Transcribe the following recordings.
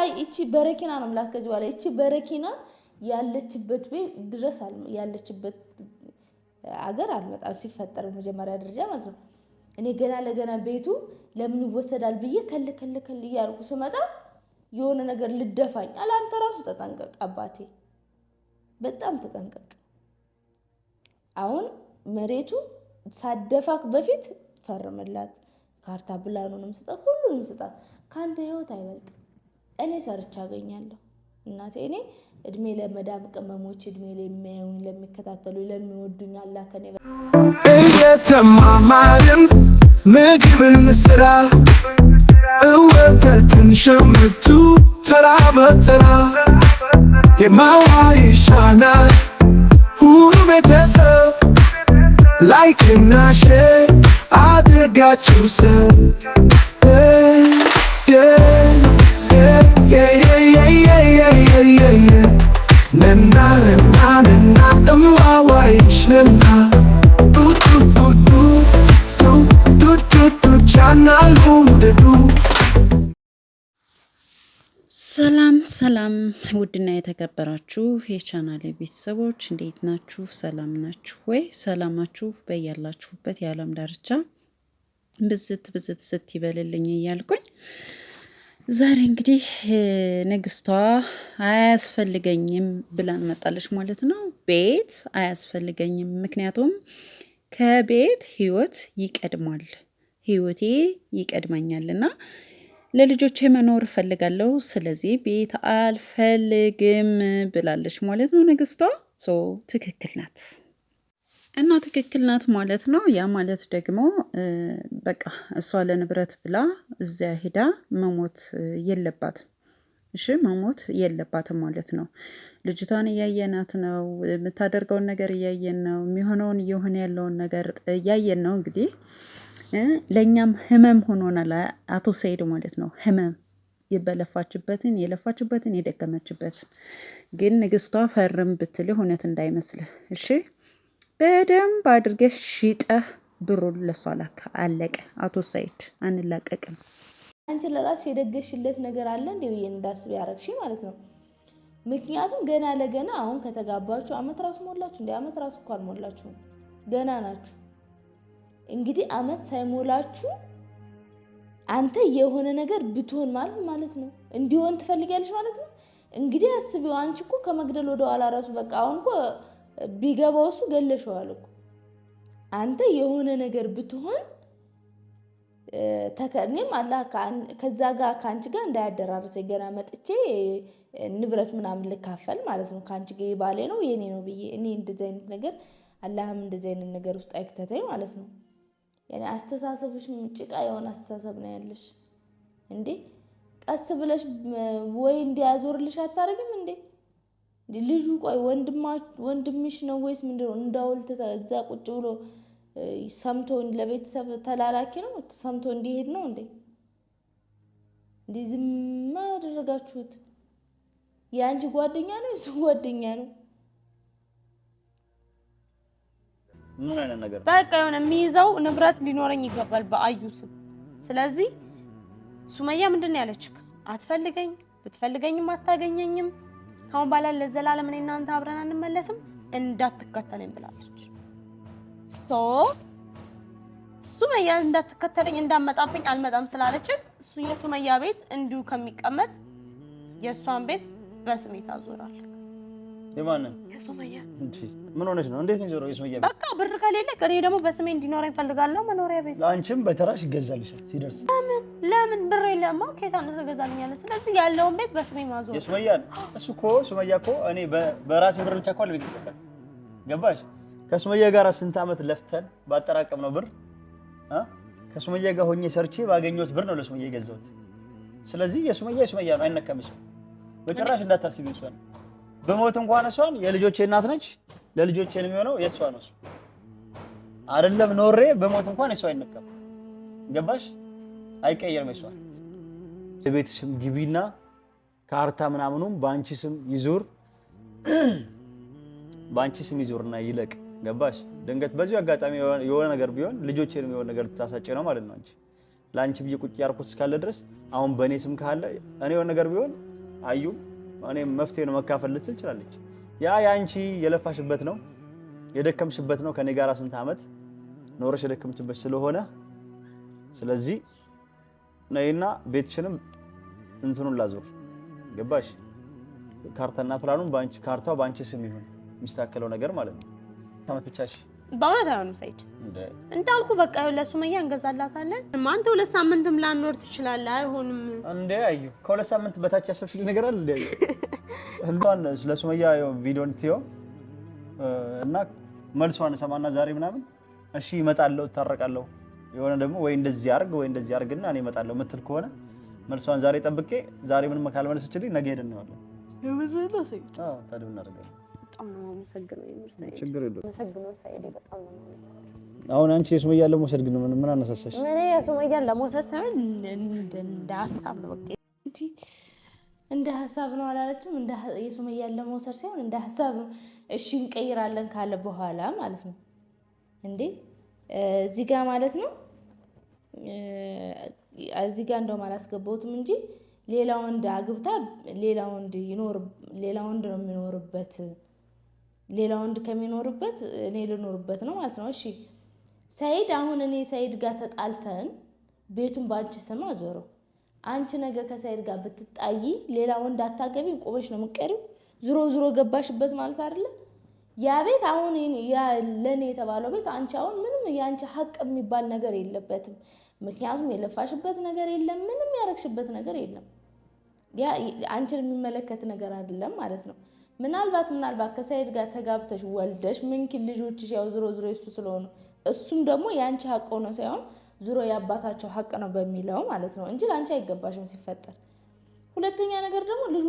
አይ እቺ በረኪና ነው የምላት። ከዚህ በኋላ እቺ በረኪና ያለችበት ቤት ድረስ ያለችበት አገር አልመጣም። ሲፈጠር መጀመሪያ ደረጃ ማለት ነው። እኔ ገና ለገና ቤቱ ለምን ይወሰዳል ብዬ ከል ከል ከል እያልኩ ስመጣ የሆነ ነገር ልደፋኝ አለ። አንተ ራሱ ተጠንቀቅ አባቴ፣ በጣም ተጠንቀቅ። አሁን መሬቱ ሳደፋክ በፊት ፈርምላት፣ ካርታ ብላኑንም ስጣት፣ ሁሉንም ስጣት። ከአንተ ህይወት አይበልጥ እኔ ሰርቻ አገኛለሁ። እናቴ እኔ እድሜ ለመዳም ቅመሞች እድሜ ለሚያዩኝ፣ ለሚከታተሉ፣ ለሚወዱኝ አላ ከኔ እየተማማርን ምግብን ስራ እወተትን ሸምቱ ተራ በተራ የማዋ ይሻናል ሁሉ ቤተሰብ ላይክና ሼር አድርጋችሁ ሰብ ሰላም ውድና የተከበራችሁ የቻናሌ ቤተሰቦች እንዴት ናችሁ? ሰላም ናችሁ ወይ? ሰላማችሁ በያላችሁበት የዓለም ዳርቻ ብዝት ብዝት ስት ይበልልኝ እያልኩኝ ዛሬ እንግዲህ ንግስቷ አያስፈልገኝም ብላ እንመጣለች ማለት ነው። ቤት አያስፈልገኝም፣ ምክንያቱም ከቤት ህይወት ይቀድማል፣ ህይወቴ ይቀድመኛልና ለልጆቼ መኖር እፈልጋለሁ፣ ስለዚህ ቤት አልፈልግም ብላለች ማለት ነው ንግስቷ። ሶ ትክክል ናት እና ትክክል ናት ማለት ነው። ያ ማለት ደግሞ በቃ እሷ ለንብረት ብላ እዚያ ሄዳ መሞት የለባትም። እሺ መሞት የለባትም ማለት ነው። ልጅቷን እያየናት ነው፣ የምታደርገውን ነገር እያየን ነው፣ የሚሆነውን እየሆነ ያለውን ነገር እያየን ነው እንግዲህ ለእኛም ህመም ሆኖናል። አቶ ሰይድ ማለት ነው ህመም የበለፋችበትን የለፋችበትን የደከመችበትን ግን ንግስቷ ፈርም ብትል እውነት እንዳይመስልህ እሺ። በደንብ አድርገህ ሽጠህ ብሩን ለሷ ላካ። አለቀ። አቶ ሰይድ አንላቀቅም። አንቺ ለራስሽ የደገሽለት ነገር አለ እንዲ ብዬ እንዳስብ ያረግሽ ማለት ነው። ምክንያቱም ገና ለገና አሁን ከተጋባችሁ አመት ራሱ ሞላችሁ እንዲ አመት ራሱ እኮ አልሞላችሁም ገና ናችሁ። እንግዲህ አመት ሳይሞላችሁ አንተ የሆነ ነገር ብትሆን ማለት ማለት ነው እንዲሆን ትፈልጊያለሽ ማለት ነው። እንግዲህ አስቢው። አንቺ እኮ ከመግደል ወደ ኋላ ራሱ በቃ አሁን እኮ ቢገባው እሱ ገለሸዋል እኮ አንተ የሆነ ነገር ብትሆን ተከኔም አላ ከዛ ጋር ከአንቺ ጋር እንዳያደራርሰኝ ገና መጥቼ ንብረት ምናምን ልካፈል ማለት ነው። ከአንቺ ጋር ባሌ ነው የኔ ነው ብዬ እኔ እንደዚህ አይነት ነገር አላህም እንደዚህ አይነት ነገር ውስጥ አይክተተኝ ማለት ነው። ያኔ አስተሳሰብሽ ጭቃ የሆነ አስተሳሰብ ነው ያለሽ እንዴ። ቀስ ብለሽ ወይ እንዲያዞርልሽ አታደርግም እንዴ? ልጁ ቆይ ወንድምሽ ነው ወይስ ምንድነው? እንዳውልት እዛ ቁጭ ብሎ ሰምቶ ለቤተሰብ ተላላኪ ነው ሰምቶ እንዲሄድ ነው እንዴ? እንዲህ ዝም አደረጋችሁት። የአንቺ ጓደኛ ነው የሱ ጓደኛ ነው። ምን አይነት ነገር በቃ የሆነ የሚይዘው ንብረት ሊኖረኝ ይገባል በአዩ ስም። ስለዚህ ሱመያ ምንድን ነው ያለች? አትፈልገኝ፣ ብትፈልገኝም አታገኘኝም። ካሁን በኋላ ለዘላለም እኔ እናንተ አብረን አንመለስም፣ እንዳትከተለኝ ብላለች። ሶ ሱመያ እንዳትከተለኝ እንዳመጣብኝ አልመጣም እሱ የሱመያ ቤት እንዲሁ ከሚቀመጥ የእሷን ቤት በስሜት አዞራል። ምን ሆነች ነው? እንዴት ነው የሱመያ ቤት? በቃ ብር ከሌለ እኔ ደግሞ በስሜ እንዲኖረኝ እፈልጋለሁ መኖሪያ ቤት። አንቺም በተራሽ ይገዛልሻል ሲደርስ። ለምን ለምን ብር የለማ ኬታ ነው ትገዛልኛለህ? ስለዚህ ያለውን ቤት በስሜ ማዞር የሱመያ እሱ እኮ ሱመያ እኮ እኔ በራሴ ብር ብቻ እኮ ቤት ገባሽ? ከሱመያ ጋር ስንት ዓመት ለፍተን ባጠራቀም ነው ብር ከሱመያ ጋር ሆኜ ሰርቼ ባገኘሁት ብር ነው ለሱመያ የገዛሁት። ስለዚህ የሱመያ የሱመያ ነው አይነካም። እሱ በጭራሽ እንዳታስቢ እሷን በሞት እንኳን እሷን የልጆቼ እናት ነች። ለልጆቼ የሚሆነው የእሷ ነው። አይደለም ኖሬ በሞት እንኳን የእሷ አይነካም። ገባሽ? አይቀየርም። የእሷ የቤት ስም ግቢና ካርታ ምናምኑም በአንቺ ስም ይዙር፣ በአንቺ ስም ይዙርና ይለቅ። ገባሽ? ድንገት በዚሁ አጋጣሚ የሆነ ነገር ቢሆን ልጆቼንም የሆነ ነገር ልታሳጭ ነው ማለት ነው። አንቺ ለአንቺ ብዬ ቁጭ ያልኩት እስካለ ድረስ አሁን በእኔ ስም ካለ እኔ የሆነ ነገር ቢሆን አዩም እኔም መፍትሄ ነው መካፈል ልትል ችላለች። ያ የአንቺ የለፋሽበት ነው የደከምሽበት ነው። ከኔ ጋር ስንት ዓመት ኖረሽ የደከምችበት ስለሆነ ስለዚህ ነይና ቤትሽንም እንትኑን ላዞር ገባሽ? ካርታና ፕላኑን ባንቺ ካርታው ባንቺ ስም ይሁን የሚስተካከለው ነገር ማለት ነው። ብቻሽ በእውነት አይሆንም ሰይድ፣ እንዳልኩ በቃ ለሱመያ እንገዛላታለን። አንተ ሁለት ሳምንትም ላኖር ትችላለህ። አይሆንም እንዴ? አዩ ከሁለት ሳምንት በታች ያሰብሽ ነገር አለ እንዴ? እንዷን እንኳን ለሱመያ ቪዲዮን ትዮ እና መልሷን ሰማና ዛሬ ምናምን እሺ እመጣለሁ እታረቃለሁ የሆነ ደግሞ ወይ እንደዚህ አርግ ወይ እንደዚህ አርግና እኔ እመጣለሁ ምትል ከሆነ መልሷን ዛሬ ጠብቄ ዛሬ ምንም ካልመለስችልኝ ነገ ሄደን ነው ሰይድ? አዎ ታዲያ ያለው። በጣም ነው የማመሰግነው። ችግር የለውም በጣም ነው አሁን አንቺ የሱመያን ለመውሰድ ግን ምን አነሳሳሽ? እኔ የሱመያን ለመውሰድ ሳይሆን እንደ ሀሳብ ነው በቃ እንደ ሀሳብ ነው አላለችም። የሱመያን ለመውሰድ ሳይሆን እንደ ሀሳብ ነው። እሺ እንቀይራለን ካለ በኋላ ማለት ነው እንዴ እዚህ ጋር ማለት ነው እዚህ ጋር እንደውም አላስገባሁትም እንጂ ሌላ ወንድ አግብታ ሌላ ወንድ ይኖር ሌላ ወንድ ነው የሚኖርበት ሌላ ወንድ ከሚኖርበት እኔ ልኖርበት ነው ማለት ነው። እሺ ሰይድ፣ አሁን እኔ ሰይድ ጋር ተጣልተን ቤቱን በአንቺ ስም አዞረው። አንቺ ነገ ከሰይድ ጋር ብትጣይ ሌላ ወንድ አታገቢ ቆመሽ ነው የምትቀሪው። ዝሮ ዝሮ ገባሽበት ማለት አይደለ? ያ ቤት አሁን ለእኔ የተባለው ቤት አንቺ አሁን ምንም የአንቺ ሀቅ የሚባል ነገር የለበትም። ምክንያቱም የለፋሽበት ነገር የለም፣ ምንም ያረግሽበት ነገር የለም። አንቺን የሚመለከት ነገር አይደለም ማለት ነው። ምናልባት ምናልባት ከሰይድ ጋር ተጋብተሽ ወልደሽ ምንኪ ልጆችሽ ያው ዝሮ ዝሮ እሱ ስለሆኑ እሱም ደግሞ የአንቺ ሀቅ ነው ሳይሆን ዝሮ የአባታቸው ሀቅ ነው በሚለው ማለት ነው እንጂ ለአንቺ አይገባሽም ሲፈጠር። ሁለተኛ ነገር ደግሞ ልጁ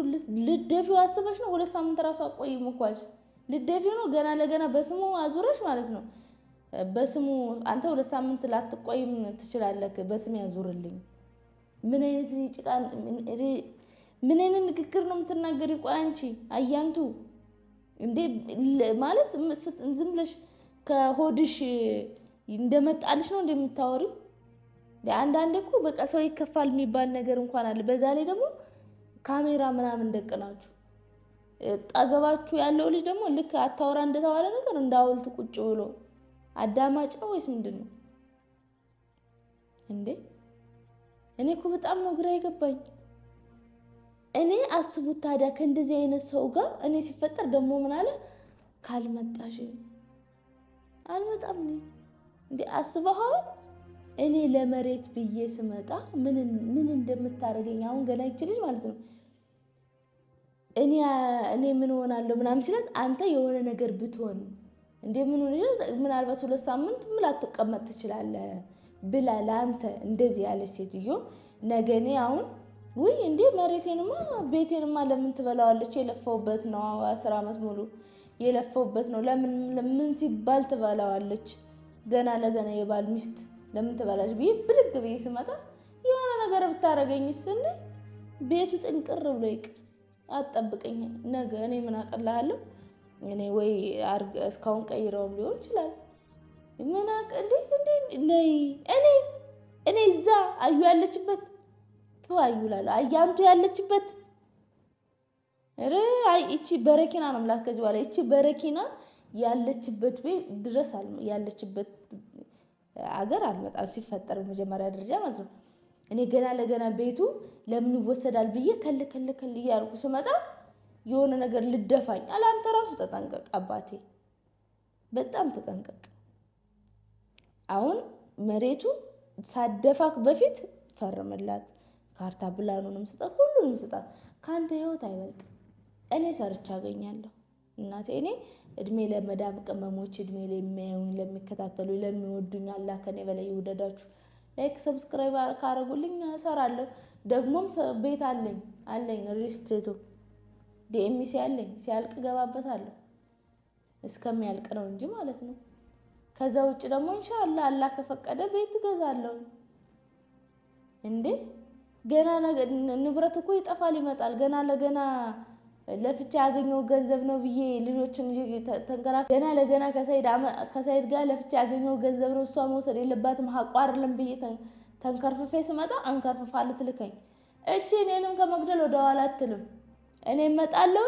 ልደፊው አስበሽ ነው። ሁለት ሳምንት ራሱ አቆይም እኮ አልሽ። ልደፊው ነው ገና ለገና በስሙ አዙረሽ ማለት ነው። በስሙ አንተ ሁለት ሳምንት ላትቆይም ትችላለህ። በስም ያዙርልኝ ምን አይነት ጭቃ ምን አይነት ንግግር ነው የምትናገሪ? ቆይ አንቺ አያንቱ እንዴ ማለት ዝም ብለሽ ከሆድሽ እንደመጣልሽ ነው እንደምታወሪው። አንዳንዴ እኮ በቃ ሰው ይከፋል የሚባል ነገር እንኳን አለ። በዛ ላይ ደግሞ ካሜራ ምናምን ደቅናችሁ ጠገባችሁ ያለው ልጅ ደግሞ ልክ አታወራ እንደተባለ ነገር እንዳውልት ቁጭ ብሎ አዳማጭ ነው ወይስ ምንድን ነው እንዴ? እኔ እኮ በጣም ነው ግራ የገባኝ። እኔ አስቡት ታዲያ ከእንደዚህ አይነት ሰው ጋር እኔ ሲፈጠር ደግሞ ምን አለ ካልመጣሽ አልመጣም። እንዲ አስበኸዋል? እኔ ለመሬት ብዬ ስመጣ ምን እንደምታደርገኝ አሁን ገና ይችልሽ ማለት ነው። እኔ ምን ሆናለሁ ምናምን ሲለት አንተ የሆነ ነገር ብትሆን እንደ ምን ምናልባት ሁለት ሳምንት ምን ላትቀመጥ ትችላለህ ብላ ለአንተ እንደዚህ ያለች ሴትዮ ነገ እኔ አሁን ውይ እንዴ መሬቴንማ ቤቴንማ ለምን ትበላዋለች? የለፈውበት ነው አስር አመት ሙሉ የለፈውበት ነው። ለምን ለምን ሲባል ትበላዋለች? ገና ለገና የባል ሚስት ለምን ትበላለች ብዬ ብድግ ብዬ ስመጣ የሆነ ነገር ብታደርገኝ ስል ቤቱ ጥንቅር ብሎ ይቅር አጠብቀኝ ነገ እኔ ምን አቀላለሁ? እኔ ወይ እስካሁን ቀይረውም ሊሆን ይችላል። ምን አቅ እንዴ እንዴ ነይ እኔ እኔ እዛ አዩ ያለችበት ተወያዩ ይላሉ። አያንቱ ያለችበት ረ አይ እቺ በረኪና ነው የምላት ከዚህ በኋላ እቺ በረኪና ያለችበት ቤት ድረስ ያለችበት አገር አልመጣም። ሲፈጠር መጀመሪያ ደረጃ ማለት ነው። እኔ ገና ለገና ቤቱ ለምን ይወሰዳል ብዬ ከል ከል ከል እያልኩ ስመጣ የሆነ ነገር ልደፋኝ አለ። አንተ ራሱ ተጠንቀቅ አባቴ፣ በጣም ተጠንቀቅ። አሁን መሬቱ ሳደፋክ በፊት ፈርምላት። ካርታ ብላኑንም ስጣት፣ ሁሉንም ስጣት። ከአንተ ህይወት አይበልጥ። እኔ ሰርቻ አገኛለሁ እናቴ። እኔ እድሜ ለመዳም ቅመሞች፣ እድሜ ለሚያዩኝ፣ ለሚከታተሉ፣ ለሚወዱኝ አላህ ከኔ በላይ ይውደዳችሁ። ላይክ ሰብስክራይብ ካረጉልኝ እሰራለሁ። ደግሞም ቤት አለኝ አለኝ ሪስቴቱ ዲኤምሲ አለኝ። ሲያልቅ እገባበታለሁ። እስከሚያልቅ ነው እንጂ ማለት ነው። ከዛ ውጭ ደግሞ ኢንሻአላህ አላህ ከፈቀደ ቤት እገዛለሁ እንዴ ገና ንብረት እኮ ይጠፋል ይመጣል። ገና ለገና ለፍቻ ያገኘው ገንዘብ ነው ብዬ ልጆችን ተንከራ ገና ለገና ከሳይድ ጋር ለፍቻ ያገኘው ገንዘብ ነው እሷ መውሰድ የለባትም ሀቋ አይደለም ብዬ ተንከርፍፌ ስመጣ አንከርፍፋ ልትልከኝ እቺ እኔንም ከመግደል ወደ ኋላ አትልም። እኔ እመጣለሁ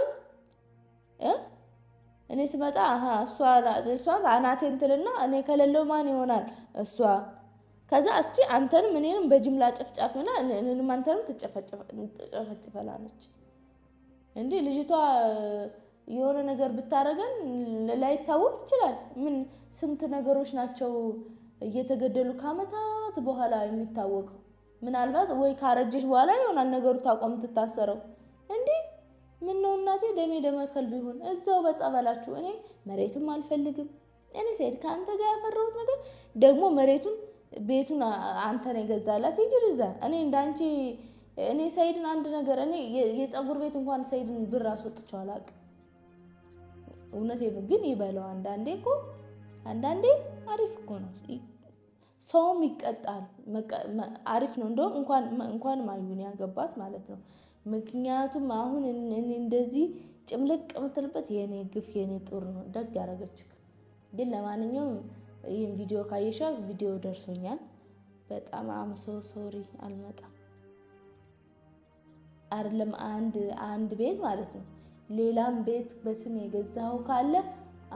እኔ ስመጣ እሷ አናቴን ትልና እኔ ከሌለው ማን ይሆናል እሷ ከዛ እስቲ አንተንም እኔንም በጅምላ ጭፍጫፊ ሆና እኔንም አንተንም ትጨፈጭፈናለች። እንዴ ልጅቷ የሆነ ነገር ብታረገን ላይታወቅ ይችላል። ምን ስንት ነገሮች ናቸው እየተገደሉ ከአመታት በኋላ የሚታወቀው። ምናልባት ወይ ካረጀች በኋላ ይሆናል ነገሩ ታቆም ትታሰረው። እንዴ ምን ነው እናቴ ደሜ ደመከል ቢሆን እዛው በጸበላችሁ። እኔ መሬትም አልፈልግም። እኔ ስሄድ ከአንተ ጋር ያፈራሁት ነገር ደግሞ መሬቱን ቤቱን አንተ ነው የገዛላት ሂጂ እዛ። እኔ እንዳንቺ እኔ ሰይድን አንድ ነገር እኔ የፀጉር ቤት እንኳን ሰይድን ብር አስወጥቼው አላውቅም። እውነቴን ነው ግን ይበለው። አንዳንዴ እኮ አንዳንዴ አሪፍ እኮ ነው ሰውም ይቀጣል። አሪፍ ነው እንደውም እንኳን እንኳን ማዩን ያገባት ማለት ነው። ምክንያቱም አሁን እንደዚህ ጭምልቅ የምትልበት የኔ ግፍ የኔ ጦር ነው። ደግ ያደረገች ግን ለማንኛውም ይህም ቪዲዮ ካየሻ ቪዲዮ ደርሶኛል። በጣም አምሶ ሶሪ አልመጣም። አይደለም አንድ አንድ ቤት ማለት ነው። ሌላም ቤት በስም የገዛው ካለ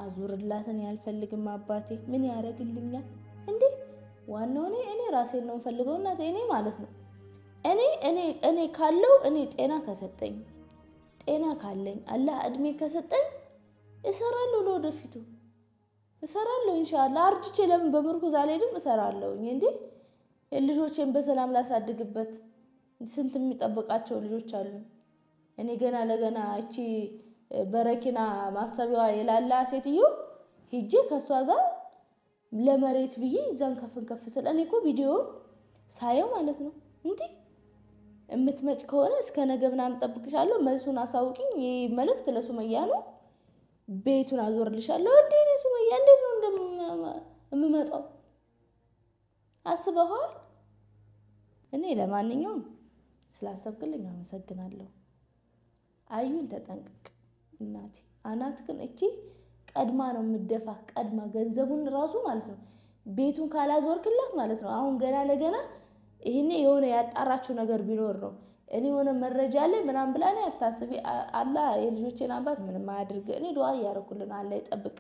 አዙርላትን ያልፈልግም። አባቴ ምን ያደርግልኛል እንዴ? ዋናው እኔ እኔ ራሴን ነው የምፈልገው። እናቴ እኔ ማለት ነው እኔ እኔ እኔ ካለው እኔ ጤና ከሰጠኝ ጤና ካለኝ አላህ እድሜ ከሰጠኝ እሰራለሁ ለወደፊቱ እሰራለሁ ኢንሻአላ። አርጅቼ ለምን በምርኩዝ አልሄድም? እሰራለሁ እንዴ ልጆቼን በሰላም ላሳድግበት። ስንት የሚጠበቃቸው ልጆች አሉ። እኔ ገና ለገና እቺ በረኪና ማሰቢያዋ የላላ ሴትዮ ሂጄ ከእሷ ጋር ለመሬት ብዬ እዛን ከፍን ከፍ ስለ እኔ እኮ ቪዲዮውን ሳየው ማለት ነው እንዲ የምትመጭ ከሆነ እስከ ነገ ምናምን ጠብቅሻለሁ መልሱን አሳውቂኝ። ይህ መልእክት ለሱመያ ነው። ቤቱን አዞርልሻለሁ። እንዴት ነው ሱመያ፣ እንዴት ነው እንደምመጣው አስበኋል። እኔ ለማንኛውም ስላሰብክልኝ አመሰግናለሁ። አዩን ተጠንቀቅ እናቴ። አናት ግን እቺ ቀድማ ነው የምደፋ፣ ቀድማ ገንዘቡን ራሱ ማለት ነው። ቤቱን ካላዞርክላት ማለት ነው አሁን ገና ለገና ይህኔ የሆነ ያጣራችው ነገር ቢኖር ነው እኔ የሆነ መረጃ ላይ ምናም ብላ እኔ አታስቢ። አላ የልጆቼን አባት ምንም አያድርግ። እኔ ድዋ እያደረኩልን አላህ ይጠብቅ።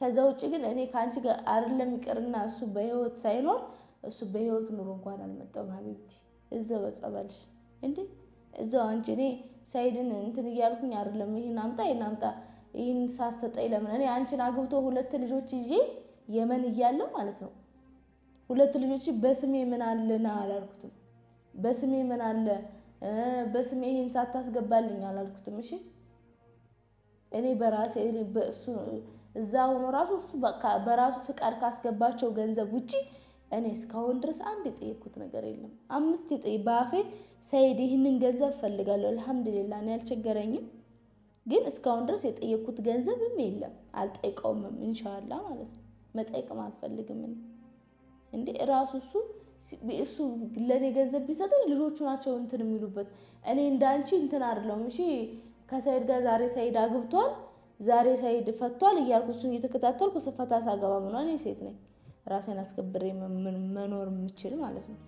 ከዛ ውጭ ግን እኔ ከአንቺ ጋር አይደለም ይቅርና እሱ በህይወት ሳይኖር እሱ በህይወት ኑሮ እንኳን አልመጣም። ሀቢብቲ እዛው በጸበልሽ እንዴ እዛው አንቺ እኔ ሳይድን እንትን እያልኩኝ አይደለም። ይህን አምጣ ይህን አምጣ ይህን ሳሰጠኝ ለምን እኔ አንቺን አግብቶ ሁለት ልጆች ይዤ የመን እያለው ማለት ነው ሁለት ልጆች በስሜ ምን አለና አላልኩትም። በስሜ ምን አለ በስሜ ይሄን ሳታስገባልኝ አላልኩትም። እሺ እኔ በራሴ በእሱ እዛ ሆኖ ራሱ እሱ በራሱ ፍቃድ ካስገባቸው ገንዘብ ውጪ እኔ እስካሁን ድረስ አንድ የጠየኩት ነገር የለም። አምስት የጠይ በአፌ ሰይድ ይህንን ገንዘብ ፈልጋለሁ። አልሐምዱሊላ እኔ አልቸገረኝም፣ ግን እስካሁን ድረስ የጠየኩት ገንዘብም የለም። አልጠይቀውምም፣ እንሻላ ማለት ነው። መጠየቅም አልፈልግም እኔ እንዴ ራሱ እሱ እሱ ለእኔ ገንዘብ ቢሰጠኝ ልጆቹ ናቸው እንትን የሚሉበት። እኔ እንዳንቺ እንትን አይደለሁም። እሺ ከሰይድ ጋር ዛሬ ሰይድ አግብቷል፣ ዛሬ ሰይድ ፈቷል እያልኩ እሱን እየተከታተልኩ ስፈታ ሳገባ ምኗ እኔ ሴት ነኝ ራሴን አስከብሬ መኖር የምችል ማለት ነው።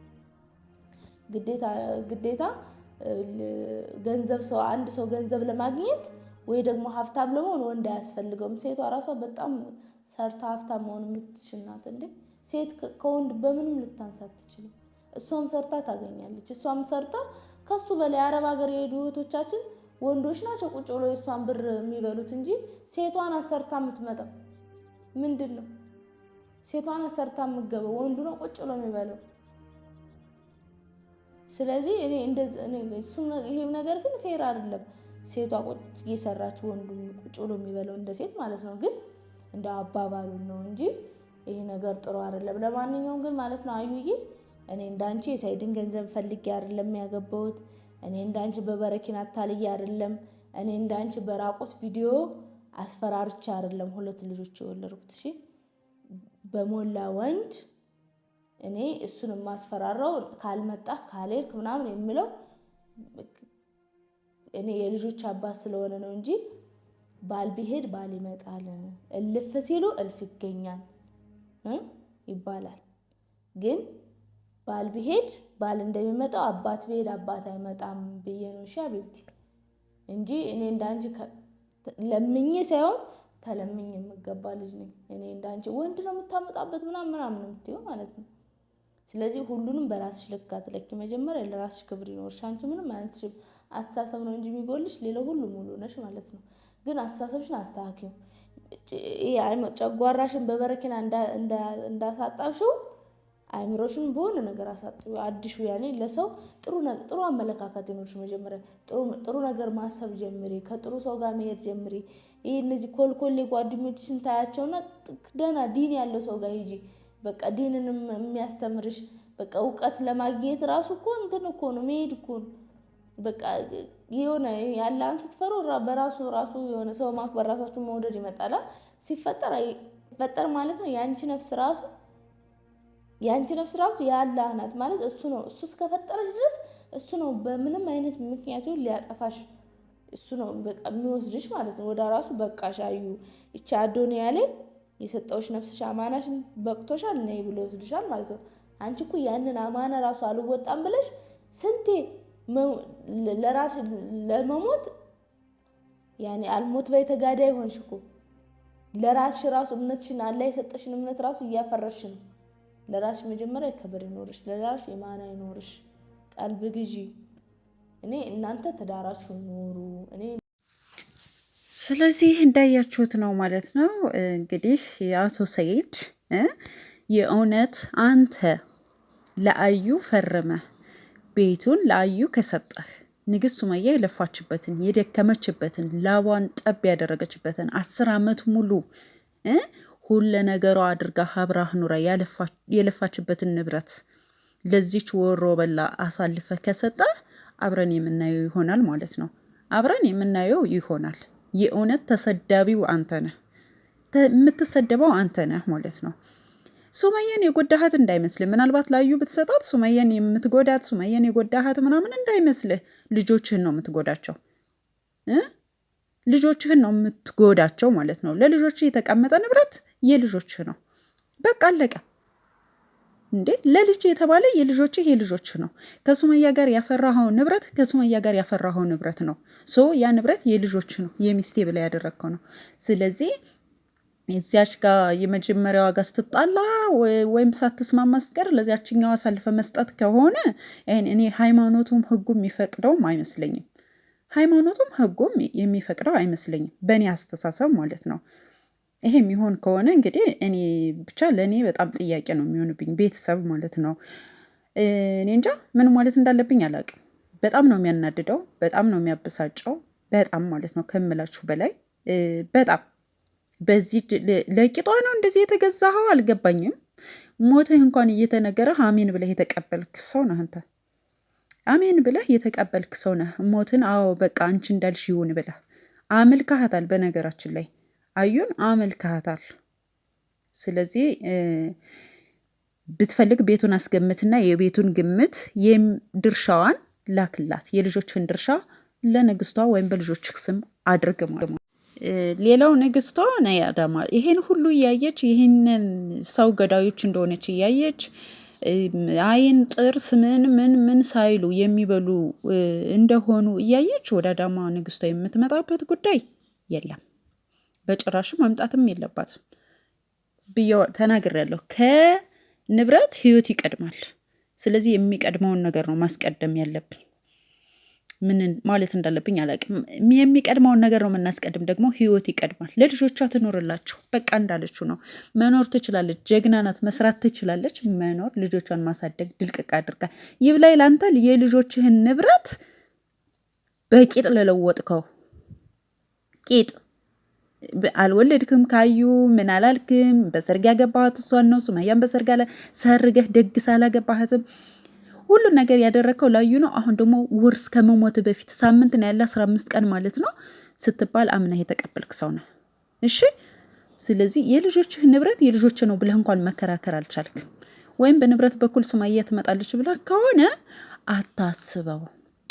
ግዴታ ገንዘብ ሰው አንድ ሰው ገንዘብ ለማግኘት ወይ ደግሞ ሀብታም ለመሆን ወንድ አያስፈልገውም። ሴቷ ራሷ በጣም ሰርታ ሀብታም መሆን የምትችል ናት እንዴ? ሴት ከወንድ በምንም ልታንሳ አትችልም። እሷም ሰርታ ታገኛለች። እሷም ሰርታ ከሱ በላይ አረብ ሀገር የሄዱ እህቶቻችን ወንዶች ናቸው ቁጭ ብሎ የእሷን ብር የሚበሉት እንጂ ሴቷን አሰርታ የምትመጣው ምንድን ነው? ሴቷን አሰርታ የምገበው ወንዱ ነው ቁጭ ብሎ የሚበለው። ስለዚህ እኔ ይሄም ነገር ግን ፌር አይደለም። ሴቷ ቁጭ እየሰራች ወንዱ ቁጭ ብሎ የሚበለው እንደ ሴት ማለት ነው ግን እንደ አባባሉን ነው እንጂ ይህ ነገር ጥሩ አይደለም። ለማንኛውም ግን ማለት ነው አዩዬ፣ እኔ እንዳንቺ የሳይድን ገንዘብ ፈልጌ አይደለም ያገባሁት። እኔ እንዳንቺ በበረኪን አታልዬ አይደለም። እኔ እንዳንቺ በራቆት ቪዲዮ አስፈራርቻ አይደለም ሁለት ልጆች የወለድኩት። እሺ፣ በሞላ ወንድ እኔ እሱን የማስፈራራው ካልመጣ ካልሄድክ ምናምን የምለው እኔ የልጆች አባት ስለሆነ ነው እንጂ ባል ቢሄድ ባል ይመጣል፣ እልፍ ሲሉ እልፍ ይገኛል ይባላል። ግን ባል ቢሄድ ባል እንደሚመጣው አባት ቢሄድ አባት አይመጣም ብዬ ነው ሻ ቤቲ እንጂ እኔ እንዳንቺ ለምኝ ሳይሆን ተለምኝ የምገባ ልጅ ነኝ። እኔ እንዳንቺ ወንድ ነው የምታመጣበት ምናምን ምናምን የምትይው ማለት ነው። ስለዚህ ሁሉንም በራስሽ ልክ አትለኪ። መጀመሪያ ለራስሽ ክብር ይኖርሽ። አንቺ ምንም አይነት አስተሳሰብ ነው እንጂ የሚጎልሽ ሌላው ሁሉ ሙሉ ነሽ ማለት ነው። ግን አስተሳሰብሽን አስተካክይው። ጨጓራሽን በበረኪና እንዳሳጣብሽው አእምሮሽን በሆነ ነገር አሳጥ አዲሹ ያኔ ለሰው ጥሩ አመለካከት ይኖርሽ። መጀመሪያ ጥሩ ነገር ማሰብ ጀምሪ፣ ከጥሩ ሰው ጋር መሄድ ጀምሪ። ይህ እነዚህ ኮልኮሌ ጓደኞችሽን ታያቸውና ደህና ዲን ያለው ሰው ጋር ሂጂ። በቃ ዲንን የሚያስተምርሽ በቃ እውቀት ለማግኘት ራሱ እኮ እንትን እኮ ነው መሄድ እኮ ነው በቃ የሆነ ያለን ስትፈሩ በራሱ ራሱ የሆነ ሰው ማክበር ራሳችሁን መውደድ ይመጣላል። ሲፈጠር ፈጠር ማለት ነው። የአንቺ ነፍስ ራሱ የአንቺ ነፍስ ራሱ የአላህ ናት ማለት እሱ ነው። እሱ እስከፈጠረች ድረስ እሱ ነው። በምንም አይነት ምክንያት ምክንያቱ ሊያጠፋሽ እሱ ነው በቃ የሚወስድሽ ማለት ነው። ወደ ራሱ በቃሽ። አዩ ይቺ አዶኒያ ላይ የሰጠውሽ ነፍስሽ አማናሽን በቅቶሻል ነይ ብሎ ይወስድሻል ማለት ነው። አንቺ እኮ ያንን አማና ራሱ አልወጣም ብለሽ ስንቴ ለራስ ለመሞት ያኔ አልሞት ባይ ተጋዳይ ሆንሽ እኮ ለራስሽ ራሱ እምነትሽን አላ የሰጠሽን እምነት ራሱ እያፈረሽ ነው። ለራስሽ መጀመሪያ ክብር ይኖርሽ፣ ለራስሽ ኢማን ይኖርሽ፣ ቀልብ ግዢ። እኔ እናንተ ትዳራችሁ ኖሩ። እኔ ስለዚህ እንዳያችሁት ነው ማለት ነው እንግዲህ የአቶ ሰይድ የእውነት አንተ ለአዩ ፈርመህ ቤቱን ለአዩ ከሰጠህ ንግስት ሱመያ የለፋችበትን የደከመችበትን ላቧን ጠብ ያደረገችበትን አስር ዓመት ሙሉ ሁለ ነገሯ አድርጋ ሀብራህ ኑራ የለፋችበትን ንብረት ለዚች ወሮ በላ አሳልፈ ከሰጠ አብረን የምናየው ይሆናል ማለት ነው። አብረን የምናየው ይሆናል። የእውነት ተሰዳቢው አንተ ነህ፣ የምትሰደበው አንተ ነህ ማለት ነው። ሱመየን የጎዳሃት እንዳይመስልህ። ምናልባት ላዩ ብትሰጣት ሱመየን የምትጎዳት ሱመየን የጎዳሃት ምናምን እንዳይመስልህ። ልጆችህን ነው የምትጎዳቸው እ ልጆችህን ነው የምትጎዳቸው ማለት ነው። ለልጆችህ የተቀመጠ ንብረት የልጆችህ ነው። በቃ አለቀ። እንዴ ለልጅ የተባለ የልጆችህ የልጆችህ ነው። ከሱመያ ጋር ያፈራኸው ንብረት ከሱመያ ጋር ያፈራኸው ንብረት ነው። ሶ ያ ንብረት የልጆችህ ነው። የሚስቴ ብላ ያደረግከው ነው። ስለዚህ እዚያች ጋር የመጀመሪያዋ ጋር ስትጣላ ወይም ሳትስማማ ስትቀር ለዚያችኛው አሳልፈ መስጠት ከሆነ እኔ ሃይማኖቱም ህጉም የሚፈቅደውም አይመስለኝም። ሃይማኖቱም ህጉም የሚፈቅደው አይመስለኝም፣ በእኔ አስተሳሰብ ማለት ነው። ይሄ የሚሆን ከሆነ እንግዲህ እኔ ብቻ ለእኔ በጣም ጥያቄ ነው የሚሆንብኝ፣ ቤተሰብ ማለት ነው። እኔ እንጃ ምን ማለት እንዳለብኝ አላውቅም። በጣም ነው የሚያናድደው፣ በጣም ነው የሚያበሳጨው፣ በጣም ማለት ነው ከምላችሁ በላይ በጣም በዚህ ለቂጧ ነው እንደዚህ የተገዛኸው አልገባኝም። ሞትህ እንኳን እየተነገረህ አሜን ብለህ የተቀበልክ ሰው ነህ አንተ። አሜን ብለህ የተቀበልክ ሰው ነህ። ሞትን አዎ በቃ አንቺ እንዳልሽ ይሁን ብለህ አመልካህታል። በነገራችን ላይ አዩን አመልካህታል። ስለዚህ ብትፈልግ ቤቱን አስገምትና የቤቱን ግምት ድርሻዋን ላክላት። የልጆችን ድርሻ ለንግስቷ ወይም በልጆች ስም አድርግ። ሌላው ንግስቷ ነ አዳማ። ይሄን ሁሉ እያየች ይህንን ሰው ገዳዮች እንደሆነች እያየች አይን ጥርስ ምን ምን ምን ሳይሉ የሚበሉ እንደሆኑ እያየች ወደ አዳማ ንግስቷ የምትመጣበት ጉዳይ የለም፣ በጭራሽ መምጣትም የለባትም ብዬ ተናግሬያለሁ። ከንብረት ህይወት ይቀድማል። ስለዚህ የሚቀድመውን ነገር ነው ማስቀደም ያለብን። ምን ማለት እንዳለብኝ አላውቅም። የሚቀድመውን ነገር ነው የምናስቀድም። ደግሞ ህይወት ይቀድማል። ለልጆቿ ትኖርላቸው በቃ እንዳለችው ነው። መኖር ትችላለች። ጀግና ናት። መስራት ትችላለች። መኖር ልጆቿን ማሳደግ ድልቅቅ አድርጋ ይብላኝ ለአንተ የልጆችህን ንብረት በቂጥ ለለወጥከው ቂጥ አልወለድክም ካዩ ምን አላልክም። በሰርግ ያገባሃት እሷን ነው። ሱመያን በሰርግ ሰርገህ ደግስ አላገባሃትም። ሁሉን ነገር ያደረከው ላዩ ነው። አሁን ደግሞ ውርስ ከመሞት በፊት ሳምንት ነው ያለ አስራ አምስት ቀን ማለት ነው ስትባል አምነህ የተቀበልክ ሰው ነው። እሺ ስለዚህ የልጆችህ ንብረት የልጆች ነው ብለህ እንኳን መከራከር አልቻልክም። ወይም በንብረት በኩል ሱማያ ትመጣለች ብላ ከሆነ አታስበው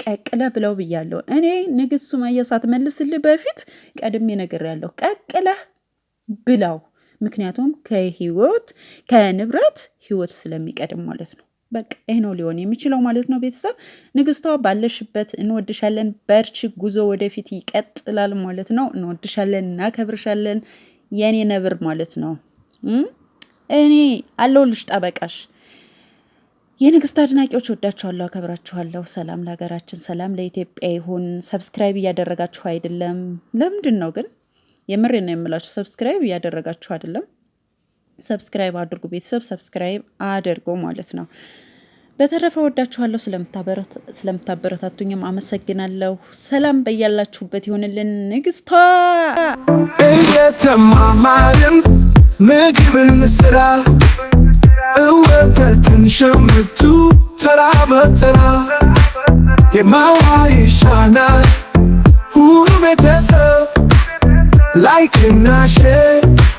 ቀቅለ ብለው ብያለሁ። እኔ ንግስት ሱማያ ሳትመልስልህ በፊት ቀድሜ ነግሬያለሁ። ቀቅለ ብለው ምክንያቱም ከህይወት ከንብረት ህይወት ስለሚቀድም ማለት ነው። በቃ ይህ ነው ሊሆን የሚችለው ማለት ነው። ቤተሰብ ንግስቷ ባለሽበት እንወድሻለን፣ በርቺ፣ ጉዞ ወደፊት ይቀጥላል ማለት ነው። እንወድሻለን፣ እናከብርሻለን የኔ ነብር ማለት ነው። እኔ አለሁልሽ ጠበቃሽ። የንግስቷ አድናቂዎች ወዳችኋለሁ፣ አከብራችኋለሁ። ሰላም ለሀገራችን፣ ሰላም ለኢትዮጵያ ይሁን። ሰብስክራይብ እያደረጋችሁ አይደለም። ለምንድን ነው ግን? የምሬ ነው የምላችሁ። ሰብስክራይብ እያደረጋችሁ አይደለም። ሰብስክራይብ አድርጉ ቤተሰብ ሰብስክራይብ አድርጎ ማለት ነው። በተረፈ ወዳችኋለሁ። ስለምታበረታቱኝም አመሰግናለሁ። ሰላም በያላችሁበት ይሆንልን። ንግስቷ እየተማማርን ምግብን ስራ እወተትን ሸምቱ ተራ በተራ የማዋ ይሻናል ሁሉ ቤተሰብ ላይክና ሼር